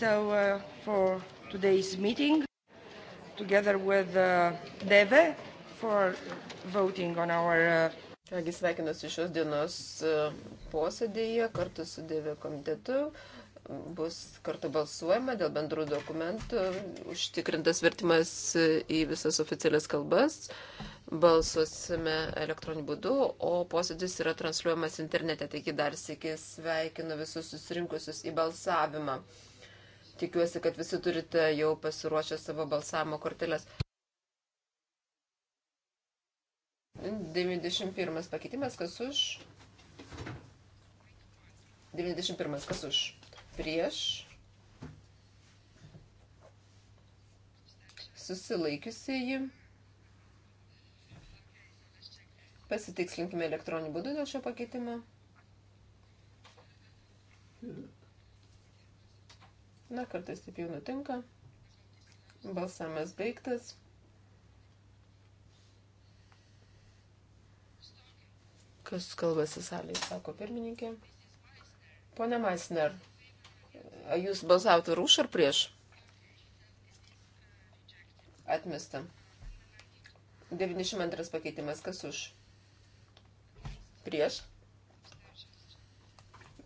So uh, for today's meeting, together with uh, Deve, for voting on our. Uh, Kągi uh... sveikinuosi šios dienos e, posėdėje kartu su Deve komitetu. Bus kartu balsuojama dėl bendrų dokumentų, užtikrintas vertimas į visas oficialias kalbas. Uh, balsuosime elektroniniu būdu, o posėdis yra transliuojamas internete. Taigi dar sėkis sveikinu visus susirinkusius į balsavimą. Tikiuosi, kad visi turite jau pasiruošę savo balsavimo korteles. 91 pakeitimas, kas už? 91 kas už? Prieš. Susilaikiusieji. Pasitikslinkime elektroninį būdų dėl šio pakeitimo. Yeah. Na, kartais taip jau nutinka. Balsamas baigtas. Kas kalbasi salėje, sako pirmininkė. Pone Maisner, jūs balsavote už ar prieš? Atmesta. 92 pakeitimas, kas už? Prieš.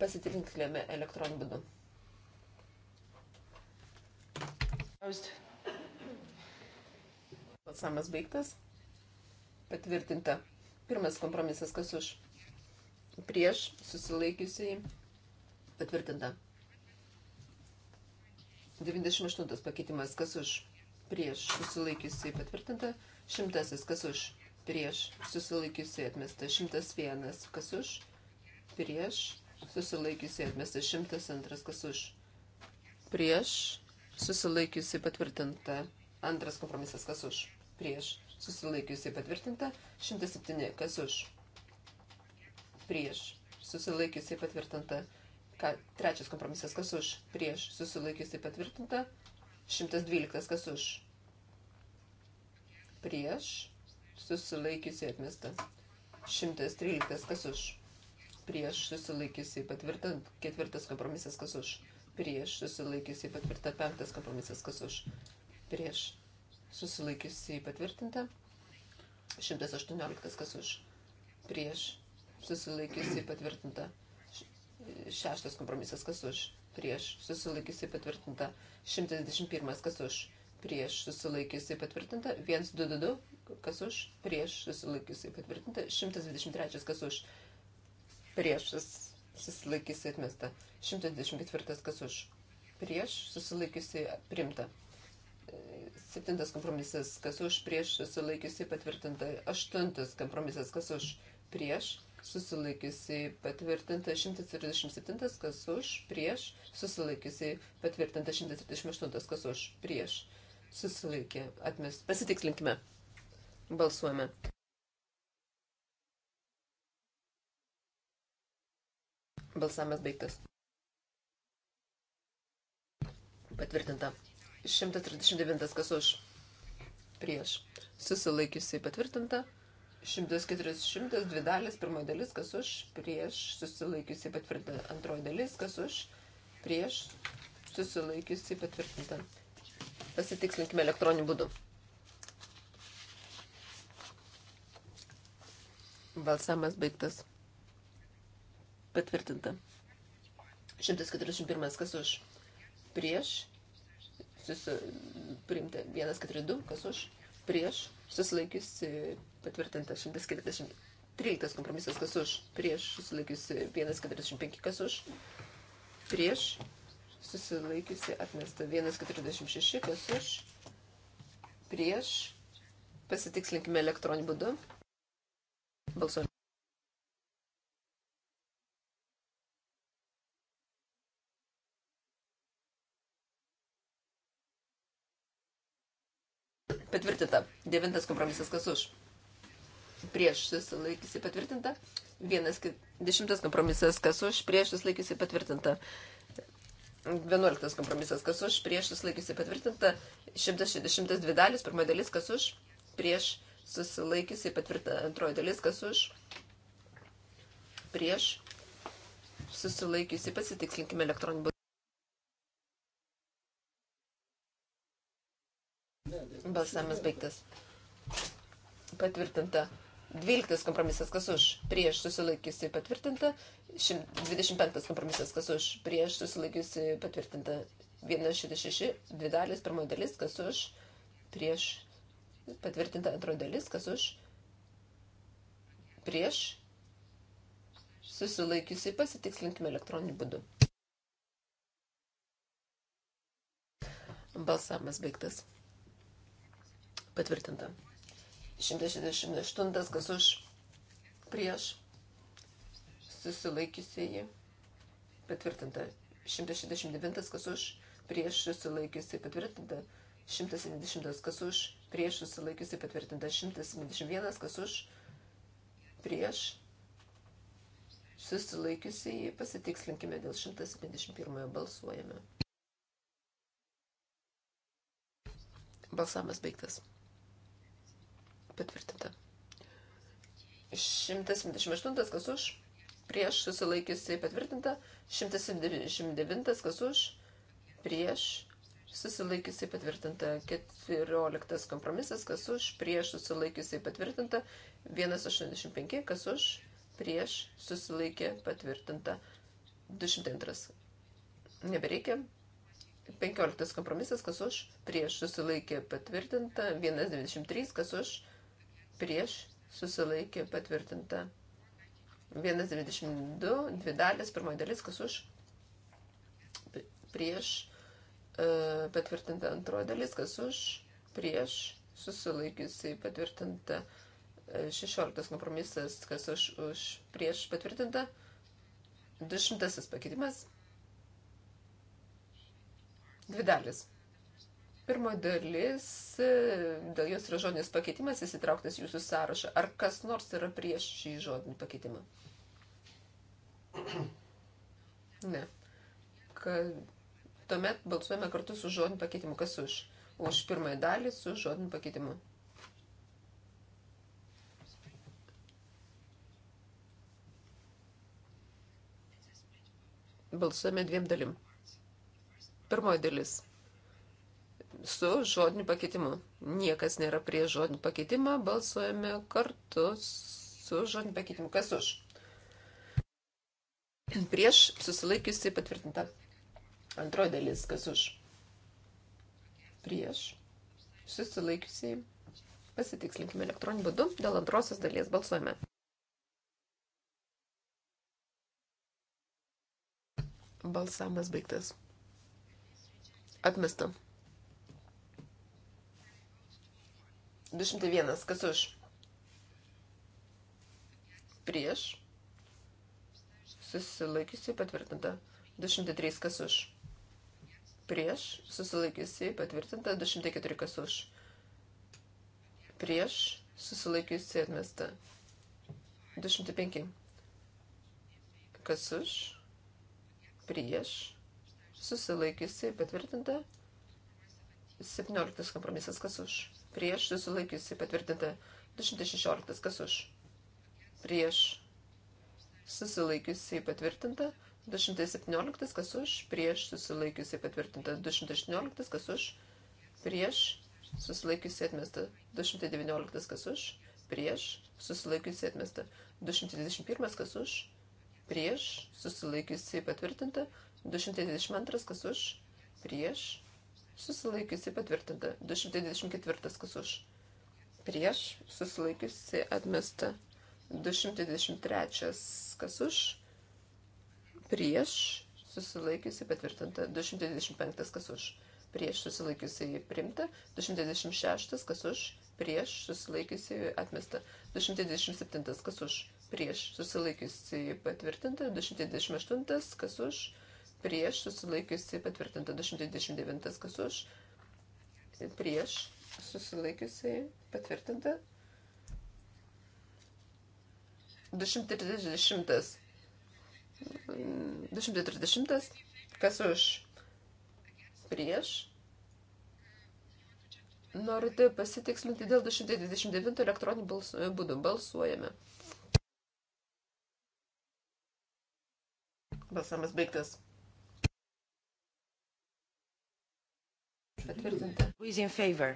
Pasitikrinklėme elektroniniu būdu. Balsamas baigtas. Patvirtinta. Pirmas kompromisas, kas už. Prieš susilaikiusiai. Patvirtinta. 98 pakeitimas, kas už. Prieš susilaikiusiai patvirtinta. Šimtasis, kas už. Prieš susilaikiusiai atmesta. Šimtas vienas, kas už. Prieš susilaikiusiai atmesta. Šimtas antras, kas už. Prieš susilaikiusi patvirtinta. Antras kompromisas kas už, prieš, susilaikiusi patvirtinta. 107 kas už, prieš, susilaikiusi patvirtinta. Ka, trečias kompromisas kas už, prieš, susilaikiusi patvirtinta. 112 kas už, prieš, susilaikiusi atmesta. 113 kas už prieš susilaikiusiai patvirtint, ketvirtas kompromisas kas už, prieš susilaikiusiai patvirtinta, penktas kompromisas kas už prieš susilaikiusiai patvirtinta, 118 kas už prieš susilaikiusiai patvirtinta, šeštas kompromisas kas už prieš susilaikiusiai patvirtinta, 121 kas už prieš susilaikiusiai patvirtinta, 122 kas už prieš susilaikiusiai patvirtinta, 123 kas už prieš susilaikiusiai susilaikysi atmesta. 124 kas už, prieš susilaikysi primta. 7 kompromisas kas už, prieš susilaikysi patvirtinta. 8 kompromisas kas už, prieš susilaikiusi patvirtinta 137, kas už, prieš, susilaikiusi patvirtinta 138, kas už, prieš, susilaikė, atmest. Pasitikslinkime. Balsuojame. Balsavimas baigtas. Patvirtinta. 139 kas už. Prieš. Susilaikiusiai patvirtinta. 140 dvi dalis. Pirmoji dalis kas už. Prieš. Susilaikiusiai patvirtinta. Antroji dalis kas už. Prieš. Susilaikiusiai patvirtinta. Pasitikslinkime elektroniniu būdu. Balsavimas baigtas. Patvirtinta. 141. Kas už? Prieš. Susi... Priimta. 142. Kas už? Prieš. Susilaikiusi. Patvirtinta. 143. Kompromisas. Kas už? Prieš. Susilaikiusi. 145. Kas už? Prieš. Susilaikiusi. Atmesta. 146. Kas už? Prieš. Pasitikslinkime elektroniniu būdu. Balsuojame. Patvirtinta. Devintas kompromisas kas už. Prieš susilaikysi patvirtinta. Vienas, dešimtas kompromisas kas už. Prieš susilaikysi patvirtinta. Vienuoliktas kompromisas kas už. Prieš susilaikysi patvirtinta. Šimtas šešdešimtas dvi dalis. Pirma dalis kas už. Prieš susilaikysi patvirtinta. Antroji dalis kas už. Prieš susilaikysi pasitikslinkime elektroninį būdą. Balsavimas baigtas. Patvirtinta. 12 kompromisas, kas už, prieš susilaikiusi patvirtinta. 25 kompromisas, kas už, prieš susilaikiusi patvirtinta. 166, dvi dalis, pirmoji dalis, kas už, prieš patvirtinta antroji dalis, kas už, prieš susilaikiusi pasitikslinkime elektroniniu būdu. Balsavimas baigtas. Patvirtinta. 168, kas už prieš susilaikiusieji. Patvirtinta. 169, kas už prieš susilaikiusiai patvirtinta. 170, kas už prieš susilaikiusiai patvirtinta. 171, kas už prieš susilaikiusiai pasitikslinkime dėl 171 balsuojame. Balsavimas baigtas patvirtinta. 178 kas už, prieš susilaikiusi patvirtinta, 179 kas už, prieš susilaikiusi patvirtinta, 14 kompromisas kas už, prieš susilaikiusi patvirtinta, 185 kas už, prieš susilaikė patvirtinta, 202. Nebereikia. 15 kompromisas kas už, prieš susilaikė patvirtinta, 193 kas už, prieš, susilaikė patvirtinta. 1.22, dvi dalis, pirmoji dalis, kas už, prieš, e, patvirtinta antroji dalis, kas už, prieš, susilaikiusiai patvirtinta 16 e, kompromisas, kas už, už prieš patvirtinta 200 pakeitimas, dvi dalis. Pirmo dalis, e, dėl jos yra žodinis pakeitimas įsitrauktas jūsų sąrašą. Ar kas nors yra prieš šį žodinį pakeitimą? Ne. Kad tuomet balsuojame kartu su žodiniu pakeitimu. Kas už? Už pirmąją dalį su žodiniu pakeitimu. Balsuojame dviem dalim. Pirmoji dalis su žodiniu pakeitimu. Niekas nėra prie žodinio pakeitimo, balsuojame kartu su žodiniu pakeitimu. Kas už? Prieš susilaikiusi patvirtinta. Antroji dalis, kas už? Prieš susilaikiusi. Pasitikslinkime elektroniniu būdu. Dėl antrosios dalies balsuojame. Balsamas baigtas. Atmestam. 201. Kas už? Prieš. Susilaikiusiai patvirtinta. 203. Kas už? Prieš. Susilaikiusiai patvirtinta. 204. Kas už? Prieš. Susilaikiusiai atmesta. 205. Kas už? Prieš. Susilaikiusiai patvirtinta. 17. Kompromisas. Kas už? prieš susilaikiusi patvirtinta 216, kas už, prieš susilaikiusi patvirtinta 217, kas už, prieš susilaikiusi patvirtinta 218, kas už, prieš susilaikiusi atmesta 219, kas už, prieš susilaikiusi atmesta 221, kas už, prieš susilaikiusi patvirtinta 222, kas už, prieš susilaikiusi patvirtinta. 224 kas už prieš susilaikiusi atmesta. 223 kas už prieš susilaikiusi patvirtinta. 225 kas už prieš susilaikiusi primta. 226 kas už prieš susilaikiusi atmesta. 227 kas už prieš susilaikiusi patvirtinta. 228 kas už prieš prieš, susilaikiusi patvirtinta 229, kas už, prieš, susilaikiusi patvirtinta 230. 230. Kas už? Prieš. Norite pasitikslinti dėl 229 elektroninių balsu, būdų. Balsuojame. Balsamas baigtas. Patvirtinta. Who is in favor?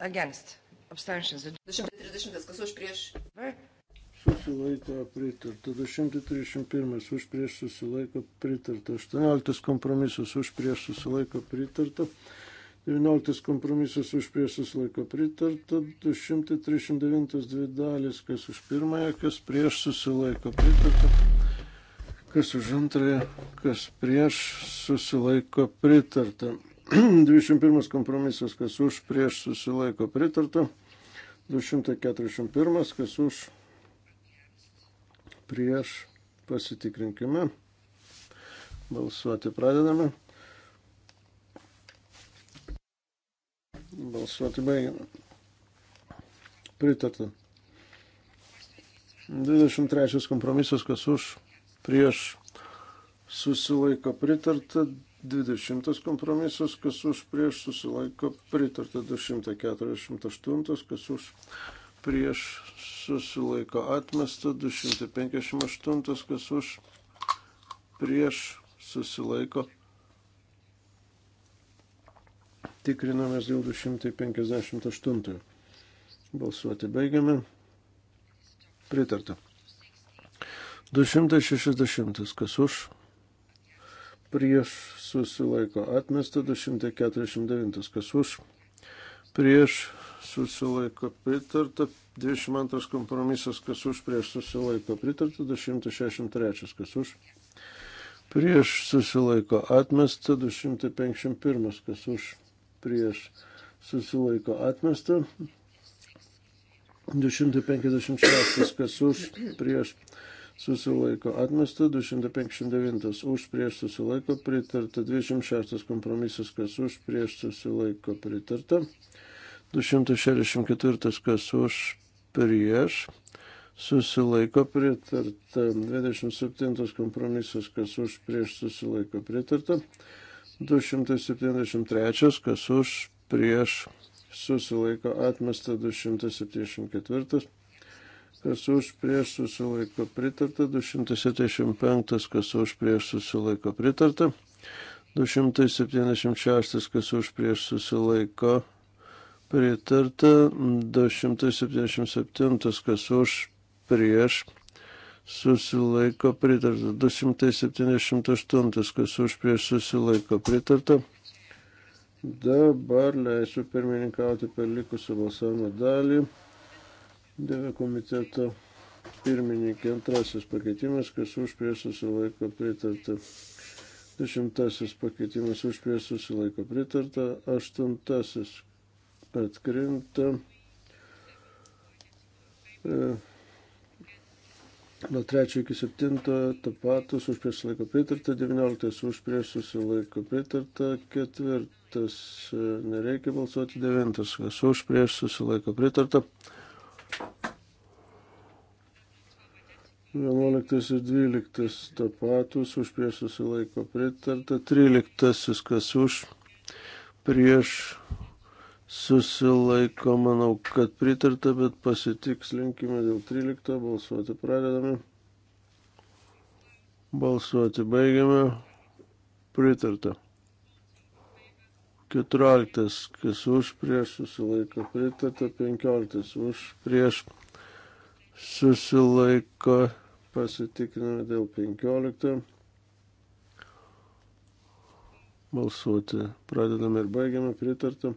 Against. Abstentions. 230. Kas už prieš? Susilaiko pritarta. 231. Už prieš susilaiko pritarta. 18. Kompromisas už prieš susilaiko pritarta. 19 kompromisas už priešus laiko pritarta, 239 dvi dalis, kas už pirmąją, kas prieš susilaiko pritarta, kas už antrąją, kas prieš susilaiko pritarta. 201 kompromisas, kas už, prieš susilaiko pritarta. 241, kas už, prieš pasitikrinkime. Balsuoti pradedame. Balsuoti baigiame. Pritarta. 23 kompromisas, kas už, prieš susilaiko pritarta. 20 kompromisas, kas už prieš susilaiko pritarta 248, kas už prieš susilaiko atmesta 258, kas už prieš susilaiko. Tikrinamės dėl 258. Balsuoti baigiame. Pritarta. 260, kas už prieš susilaiko atmesta 249, kas už prieš susilaiko pritarta 22 kompromisas, kas už prieš susilaiko pritarta 263, kas už prieš susilaiko atmesta 251, kas už prieš susilaiko atmesta 256, kas už prieš susilaiko atmesta, 259 už prieš susilaiko pritarta, 206 kompromisas, kas už prieš susilaiko pritarta, 264 kas už prieš susilaiko pritarta, 27 kompromisas, kas už prieš susilaiko pritarta, 273 kas už prieš susilaiko atmesta, 274 kas už prieš susilaiko pritarta, 275, kas už prieš susilaiko pritarta, 276, kas už prieš susilaiko pritarta, 277, kas už prieš susilaiko pritarta, 278, kas už prieš susilaiko pritarta. Dabar leisiu pirmininkauti per likusią balsavimo dalį. Dėvė komiteto pirmininkė antrasis pakeitimas, kas už prieš susilaiko pritarta. Dešimtasis pakeitimas už prieš susilaiko pritarta. Aštuntasis atkrinta. E, nuo 3 iki 7 tapatus už prieš laiko pritarta, 19 už prieš susilaiko pritarta, 4 nereikia balsuoti, 9 už prieš susilaiko pritarta, 11 ir 12 tapatus, už prieš susilaiko pritarta, 13 kas už, prieš susilaiko, manau, kad pritarta, bet pasitikslinkime dėl 13, balsuoti pradedame, balsuoti baigiame, pritarta. 14 kas už, prieš susilaiko pritarta, 15 už, prieš susilaiko susilaiko pasitikriname dėl 15. Balsuoti pradedame ir baigiame pritartą.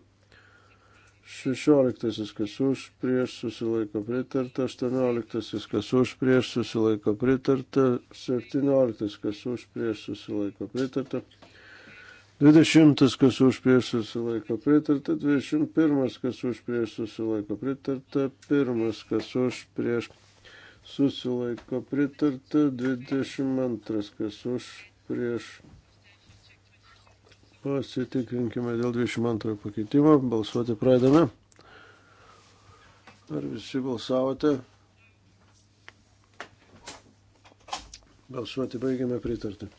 16. kas už, prieš susilaiko pritarta, 18. kas už, prieš susilaiko pritarta, 17. kas už, prieš susilaiko pritarta. 20 kas už prieš susilaiko pritarta, 21 kas už prieš susilaiko pritarta, 1 kas už prieš susilaiko pritarta, 22 kas už prieš. Pasitikrinkime dėl 22 pakeitimo, balsuoti pradame. Ar visi balsavote? Balsuoti baigiame pritarti.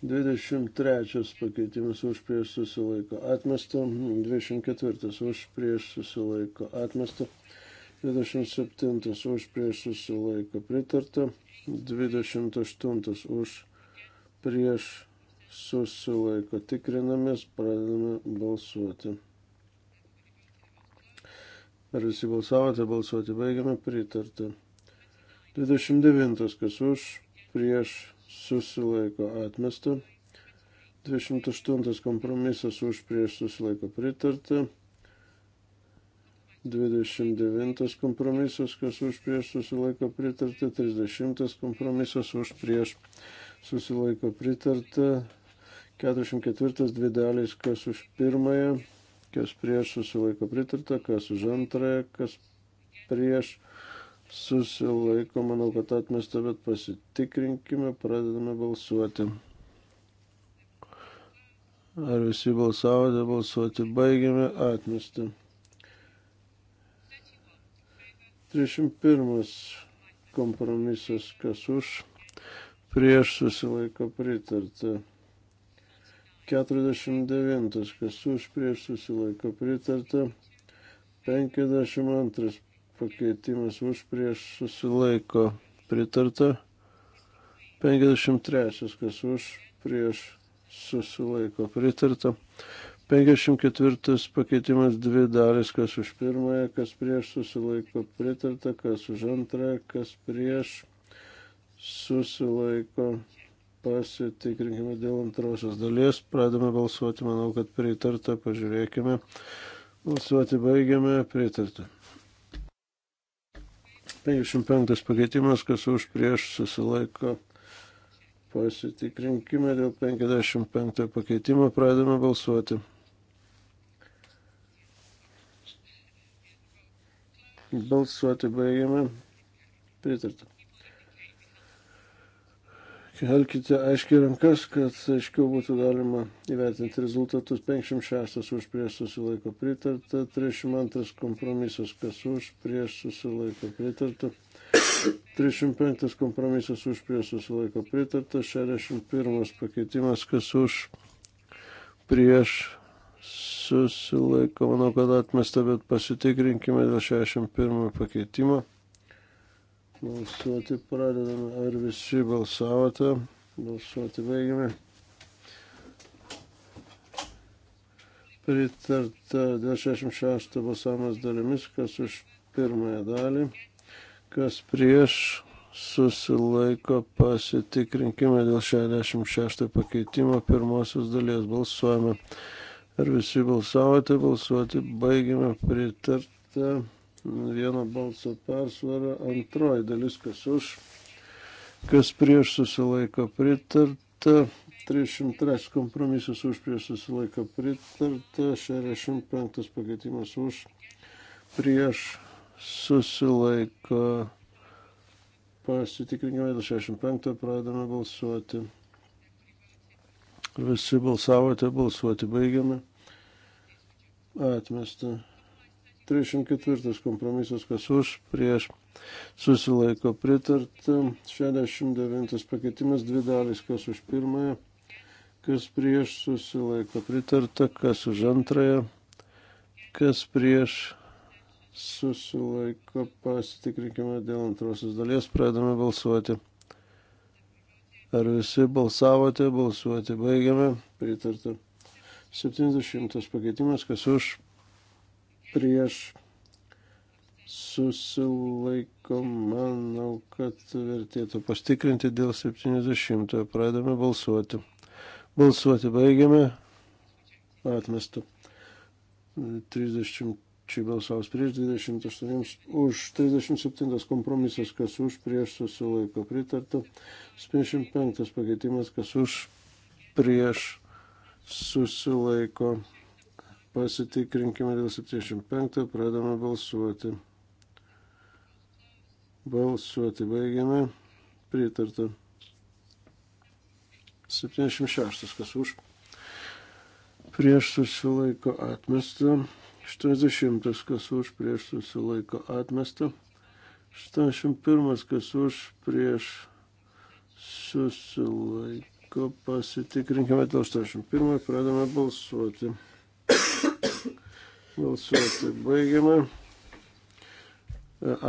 23 pakeitimas už prieš susilaiko atmesta, 24 už prieš susilaiko atmesta, 27 už prieš susilaiko pritarta, 28 už prieš susilaiko tikrinamės, pradedame balsuoti. Ar visi balsavote, balsuoti baigiame pritarta. 29 kas už prieš susilaiko atmesta. 28 kompromisas už prieš susilaiko pritarta. 29 kompromisas, kas už prieš susilaiko pritarta. 30 kompromisas už prieš susilaiko pritarta. 44 dvi dalys, kas už pirmąją, kas prieš susilaiko pritarta, kas už antrąją, kas prieš susilaiko, manau, kad atmesta, bet pasitikrinkime, pradedame balsuoti. Ar visi balsavote, balsuoti baigiame, atmesta. 301 kompromisas, kas už, prieš susilaiko pritarta. 49, kas už, prieš susilaiko pritarta. 52 pakeitimas už prieš susilaiko pritarta. 53 kas už prieš susilaiko pritarta. 54 pakeitimas dvi dalis, kas už pirmąją, kas prieš susilaiko pritarta, kas už antrąją, kas prieš susilaiko. Pasitikrinkime dėl antrosios dalies, pradame balsuoti, manau, kad pritarta, pažiūrėkime. Balsuoti baigiame, pritarta. 55 pakeitimas, kas už prieš susilaiko. Pasitikrinkime dėl 55 pakeitimo, pradame balsuoti. Balsuoti baigiame. Pritartam. Kelkite aiškiai rankas, kad aiškiau būtų galima įvertinti rezultatus. 56 už prieš susilaiko pritarta, 32 kompromisas, kas už prieš susilaiko pritarta, 35 kompromisas už prieš susilaiko pritarta, 61 pakeitimas, kas už prieš susilaiko. Manau, kad atmesta, bet pasitikrinkime dėl 61 pakeitimo. Balsuoti pradedame. Ar visi balsavote? Balsuoti baigiame. Pritarta 266 balsavimas dalimis, kas už pirmąją dalį, kas prieš susilaiko pasitikrinkime dėl 66 pakeitimo pirmosios dalies. Balsuojame. Ar visi balsavote? Balsuoti baigiame. Pritarta vieno balso persvara, antroji dalis kas už, kas prieš susilaiko pritarta, 303 kompromisas už prieš susilaiko pritarta, 65 pakeitimas už prieš susilaiko. Pasitikrinkime dėl 65, pradame balsuoti. Visi balsavote, balsuoti baigiame. Atmesta. 34 kompromisas, kas už, prieš, susilaiko pritarta. 69 pakeitimas, dvi dalys, kas už pirmąją, kas prieš, susilaiko pritarta, kas už antrąją, kas prieš, susilaiko pasitikrinkime dėl antrosios dalies, pradame balsuoti. Ar visi balsavote, balsuoti baigiame, pritarta. 70 pakeitimas, kas už, prieš susilaiko, manau, kad vertėtų pastikrinti dėl 70. Pradame balsuoti. Balsuoti baigiame. Atmestu. 30 čia balsavus prieš 28, už 37 kompromisas, kas už, prieš susilaiko pritarta, 75 pakeitimas, kas už, prieš susilaiko pritarta Pasitikrinkime dėl 75, pradame balsuoti. Balsuoti baigiame. Pritarta. 76, kas už. Prieš susilaiko atmestą. 80, kas už, prieš susilaiko atmestą. 81, kas už, prieš susilaiko. Pasitikrinkime dėl 81, pradame balsuoti. Balsuoti baigiame.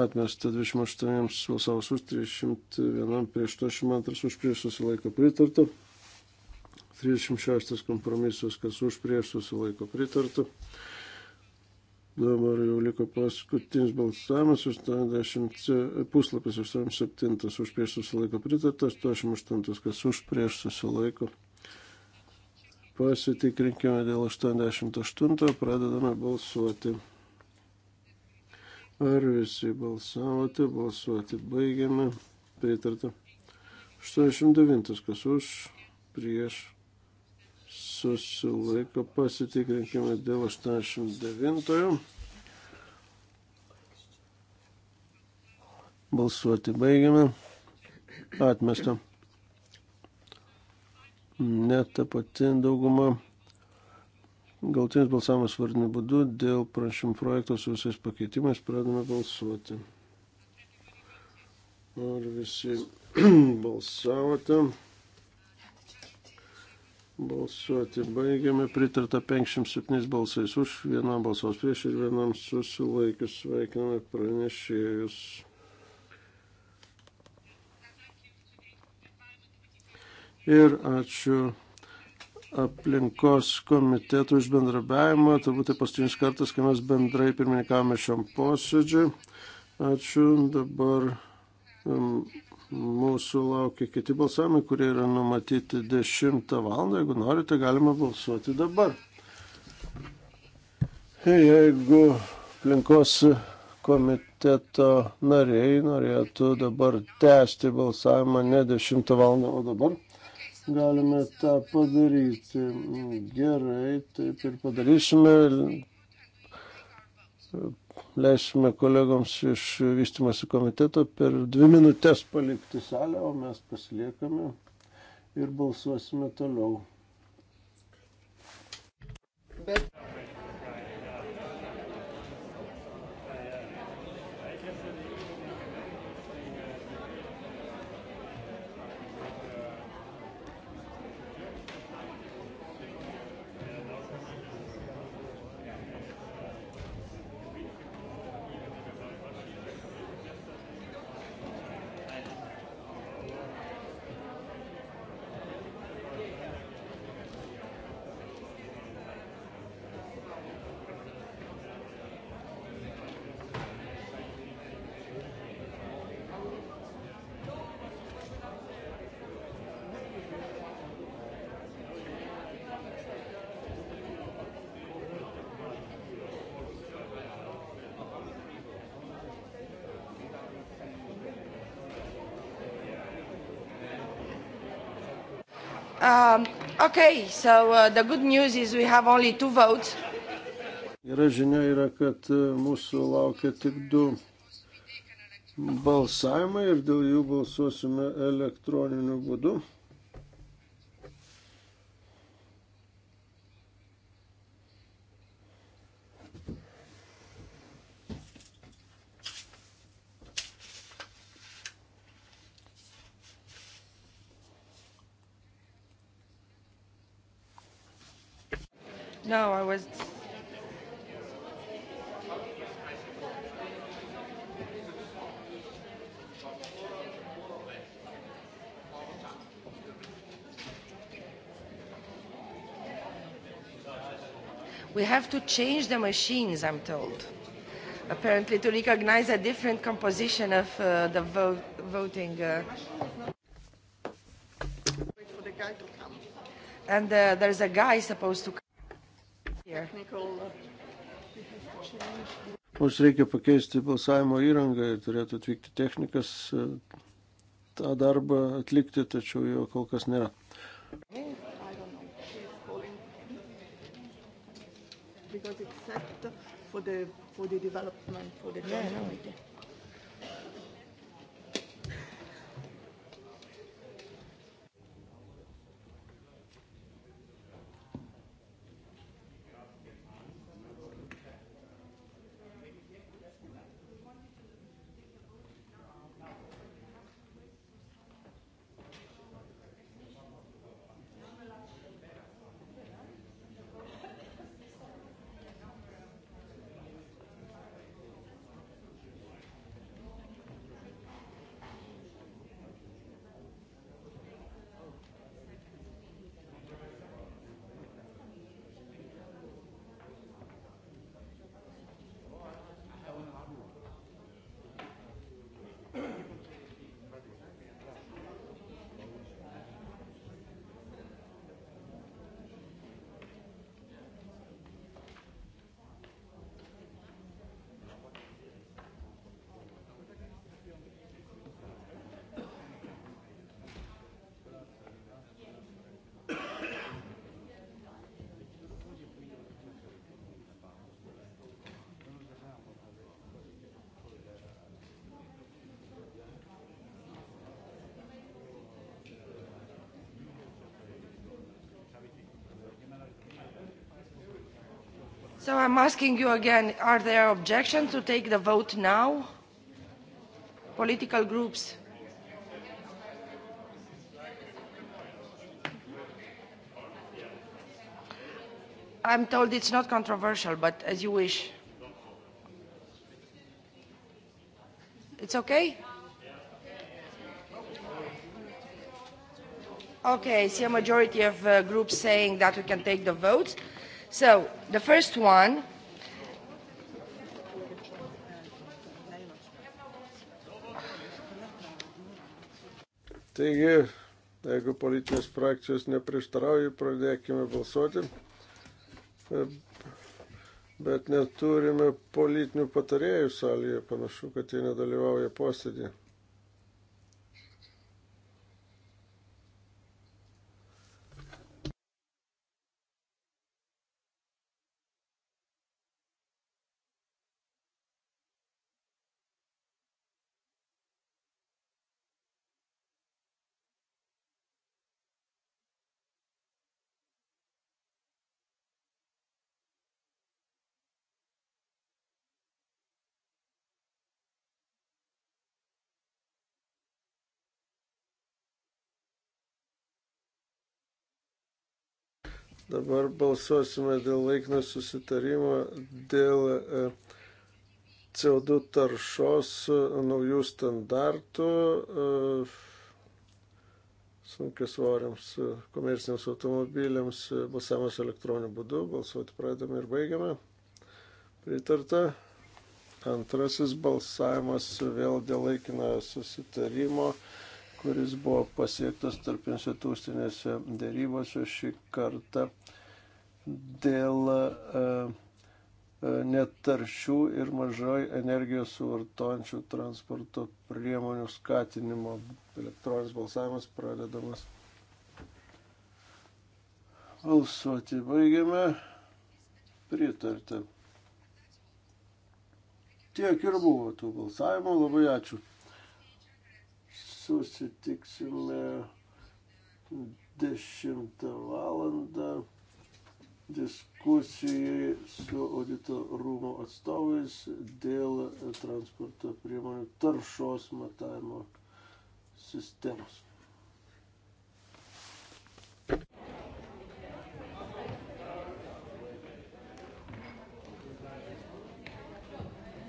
Atmesta 28 balsavus už 301 prieš 82 už prieš susilaiko pritartų. 36 kompromisas, kas už prieš susilaiko pritartų. Dabar jau liko paskutinis balsavimas, 80 puslapis, 87 už prieš susilaiko pritartas, 88 kas už prieš susilaiko pritartas. Pasitikrinkime dėl 88, pradedame balsuoti. Ar visi balsavote, balsuoti baigiame, pritarta. 89, kas už, prieš, susilaiko, pasitikrinkime dėl 89. Balsuoti baigiame, atmestam net ta pati dauguma. Galtinis balsavimas vardiniu būdu dėl prašym projekto su visais pakeitimais pradame balsuoti. Ar visi balsavote? Balsuoti baigiame. Pritarta 507 balsais už, vienam balsos prieš ir vienam susilaikius. Sveikiname pranešėjus. ir ačiū aplinkos komitetų už bendrabiavimą. Turbūt tai paskutinis kartas, kai mes bendrai pirmininkavome šiam posėdžiui. Ačiū. Dabar um, mūsų laukia kiti balsavimai, kurie yra numatyti 10 val. Jeigu norite, galima balsuoti dabar. Jeigu aplinkos komiteto nariai norėtų dabar tęsti balsavimą ne 10 val. o dabar galime tą padaryti. Gerai, taip ir padarysime. Leisime kolegoms iš vystimosi komiteto per dvi minutės palikti salę, o mes pasiliekame ir balsuosime toliau. Bet Um, okay, so uh, the good news is we have only two votes. Gera žinia yra, kad uh, mūsų laukia tik du balsavimai ir dėl jų balsuosime elektroniniu būdu. No, I was. We have to change the machines, I'm told, apparently to recognize a different composition of uh, the vote, voting. Uh, and uh, there's a guy supposed to Mums reikia pakeisti balsavimo įrangą ir turėtų atvykti technikas e, tą darbą atlikti, tačiau jo kol kas nėra. Because it's set for the for the development for the yeah, no, yeah. So I'm asking you again, are there objections to take the vote now? Political groups? I'm told it's not controversial, but as you wish. It's okay? Okay, I see a majority of uh, groups saying that we can take the votes. So, the first one Taigi, jeigu politinės frakcijos neprieštarauja, pradėkime balsuoti. Bet neturime politinių patarėjų salėje, panašu, kad jie nedalyvauja posėdėje. Dabar balsuosime dėl laikino susitarimo, dėl e, CO2 taršos e, naujų standartų e, sunkius svoriams komerciniams automobiliams balsavimas elektroniniu būdu. Balsuoti pradame ir baigiame. Pritarta. Antrasis balsavimas vėl dėl laikinojo susitarimo kuris buvo pasiektas tarp institucinėse dėrybose šį kartą dėl e, e, netaršių ir mažai energijos suvartojančių transporto priemonių skatinimo. Elektroninis balsavimas pradedamas. Balsuoti baigiame. Pritarta. Tiek ir buvo tų balsavimų. Labai ačiū susitiksime 10 valandą diskusijai su audito rūmo atstovais dėl transporto priemonių taršos matavimo sistemos.